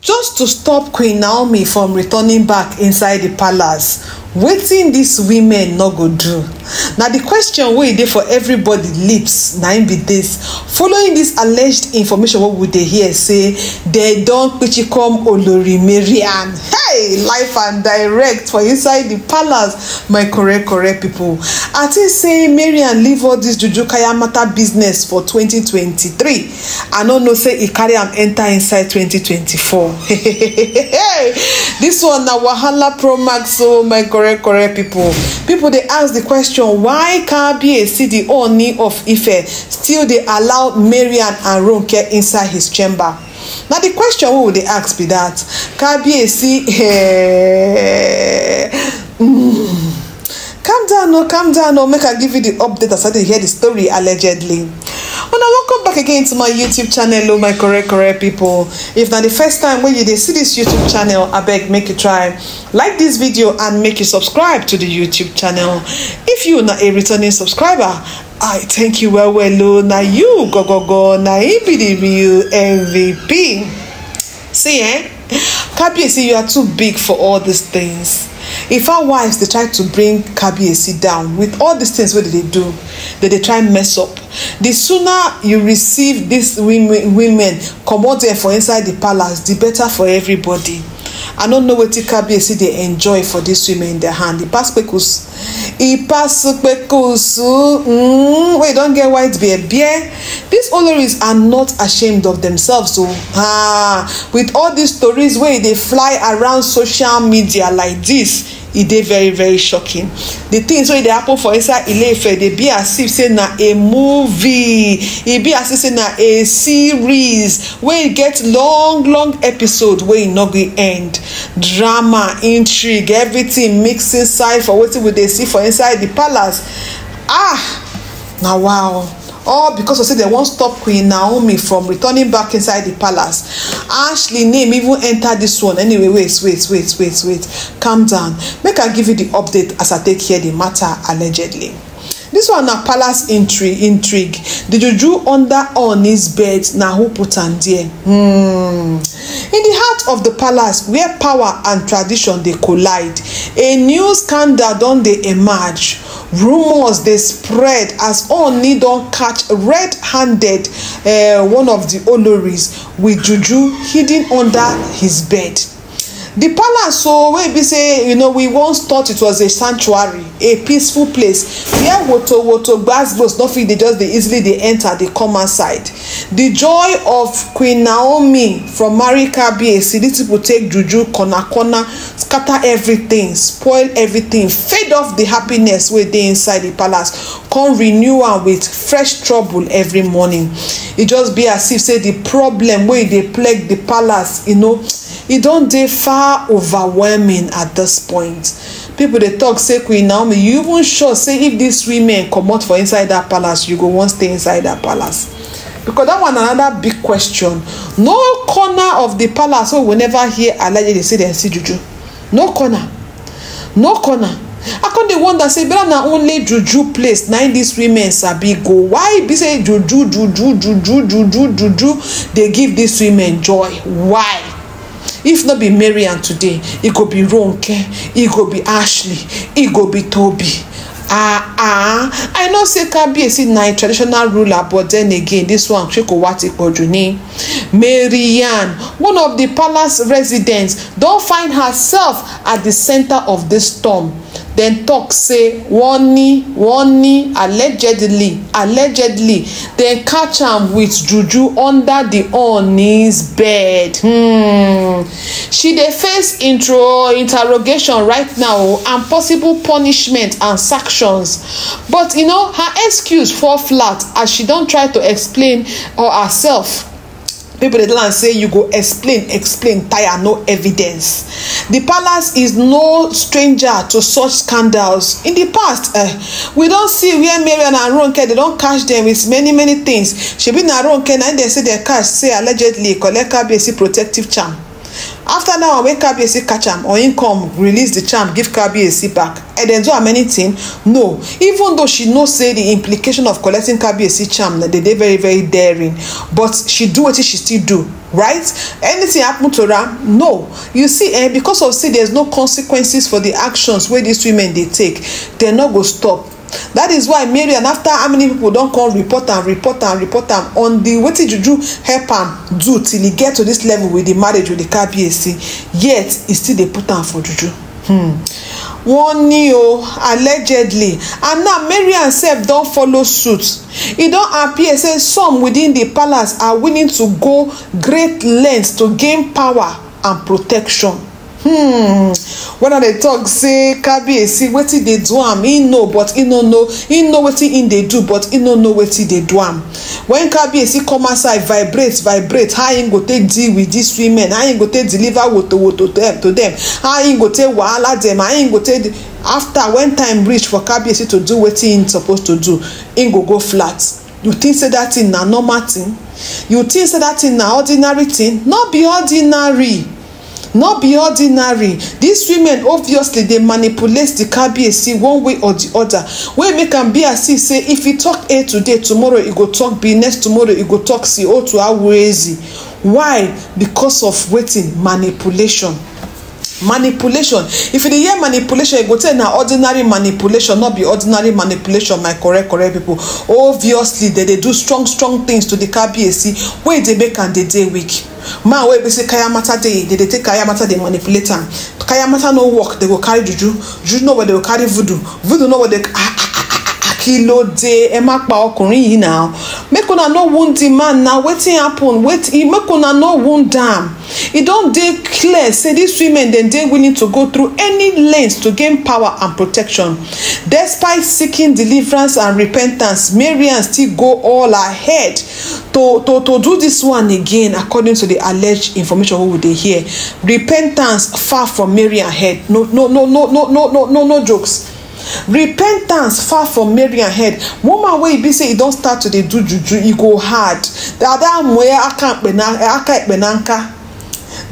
just to stop queen naomi from returning back inside the palace wetin these women no go do na di question wey dey for everybody lips na im be dis following dis alleged information wey we dey hear say dem don olori olorimarian hey life and direct for inside di palace my correct correct pipo i think say marian leave all dis juju kaya mata business for 2023 i no know say e carry am enter inside 2024 hey dis one na wahala pro max o oh, my correct correct pipo pipo dey ask di question question why kabiyesi the Ooni of Ife still dey allow Marian and Ronke inside his chamber na the question wey we dey ask be that kabiyesi eh, mm, calm down oh calm down oh make i give you the update as i dey hear the story allegedly una oh, welcome back again to my youtube channel o oh, my correct correct people. if na the first time wey you dey see this youtube channel abeg make you try like this video and make you subscribe to the youtube channel if you na a returning subscriber i thank you well well o oh, na you go, na im be di real mvp see eh kabiyesi you are too big for all these things If our wives dey try to bring kabiyesi down with all these things wey dey dey do dey dey try mess up the sooner you receive these women women comot there for inside the palace the better for everybody i no know wetin kabiyesi dey enjoy for these women in their hand e pass kpekus e pass kpekusu mm, wey don get white bear bear these oloris are not ashamed of themselves o oh. so, ah with all these stories wey dey fly around social media like this e dey very very shocking the things wey dey happen for inside ileife dey be as if say na a movie e be as if say na a series wey get long long episode wey e no go end drama intrigue everything mix inside for wetin we dey see for inside the palace ah na wow all because of say dem wan stop queen naomi from returning back inside the palace ashley name even enter this one anyway wait wait wait wait wait calm down make i give you the update as i take care the matter allegedly This one a palace intrigue intrigue di juju under on his bed Now who put on there hmm in the heart of the palace where power and tradition they collide a new scandal don't they emerge rumors dey spread as oni don catch red handed eh, one of di oloris with juju hidden under his bed the palace so oh, wey be say you know we once thought it was a sanctuary a peaceful place where woto woto gbasgbos no nothing. dey just dey easily dey enter dey come outside the joy of queen naomi from marika bsc these people take juju corner corner scatter everything spoil everything fade off the happiness wey dey inside the palace come renew am with fresh trouble every morning e just be as if say the problem wey e dey plague the palace you know e don dey far overwhelming at this point People dey talk say queen naomi you even sure say if this women comot for inside that palace you go wan stay inside that palace because that one na anoda big question no corner of the palace wey we never hear allegedly say dem see juju no corner no corner i come dey wonder say bella na only juju place na im dis women sabi go why be say juju juju juju juju juju dey give dis women joy why if no be marian today e go be ronke e go be ashley e go be toby ah ah i know say kabiyesi na a traditional ruler but then again this one she chikowa ti pọ̀jù ni marianne one of the palace residents don find herself at the center of this storm dem tok say warning warning allegedly allegedly dem catch am wit juju under di oni's bed hmm. she dey face intro interrogation right now and possible punishment and sanctions but you know her excuse fall flat as she don try to explain uh, herself people dey tell am say you go explain explain tire no evidence The palace is no stranger to such scandals in the past eh we don see where marian and ronke dey don catch dem with many many things shebi na ronke na im dem say dem catch say allegedly collect kabiyesi protective charm after now when kabiyesi catch am or him come release the charm give kabiyesi back edem do am anything no even though she know say the implication of collecting kabiyesi charm dey dey very very daring but she do wetin she still do right anything happen to am no you see eh because of say there is no consequences for the actions wey these women dey take dem no go stop that is why Mary and after how many people don come report am report am report am on the wetin juju help am do till he get to this level with the marriage with the kabiyesi yet e still dey put am for juju. Hmm. wọ́n ní o allegedly and now marian sef don follow suit e don appear say some within the palace are willing to go great lengths to gain power and protection hmm wen i dey talk say kabiyesi wetin dey do am e know but e no know e know wetin e dey do but e no know wetin dey do am wen kabiyesi come outside vibrate vibrate how im go take deal with these women how im go take deliver wotowoto to them? To them? how im go take wahala them? how im go take after when time reach for kabiyesi to do wetin he suppose to do im go go flat you think say that thing na normal thing you think say that thing na ordinary thing no be ordinary not be ordinary These women obviously dey manipulate the kabiyesi one way or the other. wey make am be as if say if e talk a today tomorrow e go talk b next tomorrow e go talk c o to awuezi why because of wetin manipulation manipulation if you dey hear manipulation you go tell na ordinary manipulation not be ordinary manipulation my correct correct people. obviously dem dey do strong strong things to the kabiyesi wey dey make am dey dey weak man wey be say kayamata dey dey dey take kayamata dey manipulate am kayamata no work dey go carry juju juju no where dey go carry voodoo voodoo no where dey ah, ah kí ló dé ẹ má pa ọkùnrin yìí náà make una no wound the man na wetin happen wetin make una no wound am e don dey clear say dis women dem dey willing to go through any length to gain power and protection despite seeking deliverance and repentance marian still go all ahead to to to do dis one again according to the alleged information wey we dey hear repentance far from marian head no no no no no no no no jokes repentance far from mary and head woman wey e be say e don start to dey do juju e go hard ada amoye aka ekpenanka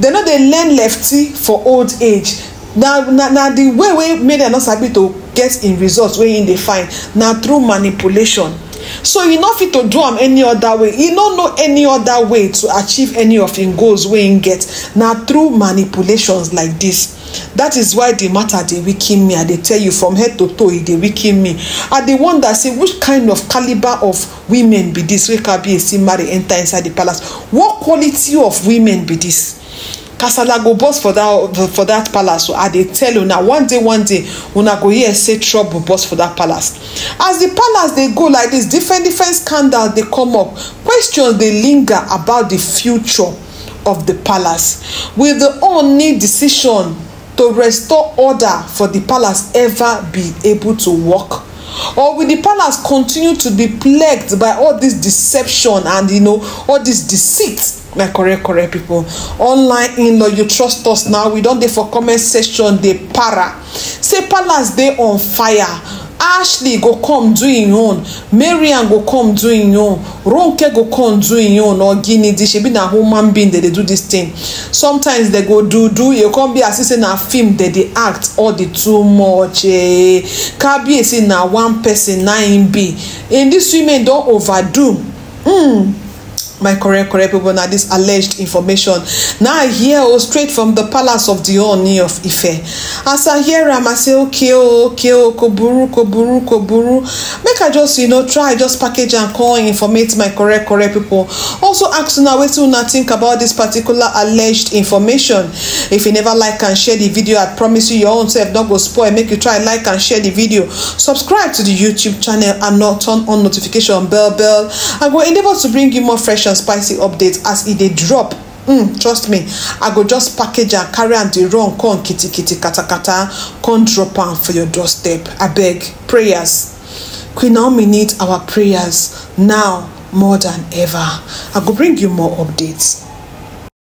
dem no dey learn lefty for old age na na na the way wey mary no sabi to get im result wey im e dey find na through manipulation so e no fit to do am any other way e no know any other way to achieve any of im goals wey im e get na through manipulations like this that is why the matter dey weaken me i dey tell you from head to toe e dey weaken me i dey wonder say which kind of caliber of women be dis wey kabiyesi marry enter inside the palace what quality of women be this? kasala go burst for that for that palace o i dey tell una one day one day una go hear say trouble burst for that palace as the palace dey go like this different different scandals dey come up questions dey linger about the future of the palace will the only decision to restore order for the palace ever be able to work? Or will the palace continue to be plagued by all this deception and you know all this deceit? My correct, correct people. Online in law, you trust us now. We don't dey for comment section. They para. Say palace dey on fire ashley go come do im own marian go come do im own ronke go come do im own or guinea shebi na human being dey dey do dis thing sometimes dey go do do e come be as if say na film dey dey act all the too much eh kabie say na one person na im be and dis women don overdo mm my correct correct people now this alleged information now i hear o oh, straight from the palace of the Ooni of Ife as i hear am i say okay oh, okay oh, ko buru ko buru ko buru make i just you know try just package am come informate my correct correct people also ask una wetin una think about this particular alleged information if you never like and share the video i promise you your own self no go spoil make you try like and share the video subscribe to the youtube channel and turn on notification bell bell i go endeavour to bring you more fresh section spicy update as e dey drop mm, trust me i go just package am carry am dey run come kitikiti katakata come drop am for your doorstep abeg prayers queen naomi need our prayers now more than ever i go bring you more updates